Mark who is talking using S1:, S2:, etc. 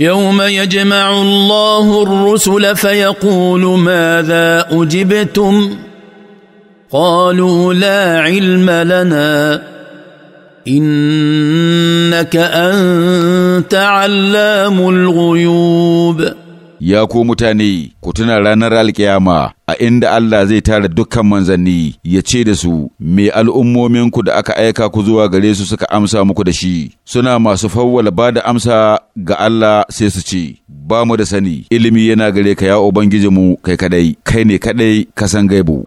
S1: يوم يجمع الله الرسل فيقول ماذا اجبتم قالوا لا علم لنا انك انت علام الغيوب
S2: يا كومتاني كتنا لنرى الكيامه inda Allah zai tara dukkan manzanni ya ce da su me al'ummominku da aka aika ku zuwa gare su suka amsa muku da shi suna masu fawwala ba da amsa ga Allah
S3: sai su ce ba mu da sani ilimi yana gare ka ya ubangijinmu kai kadai kai ne kadai ka san gaibu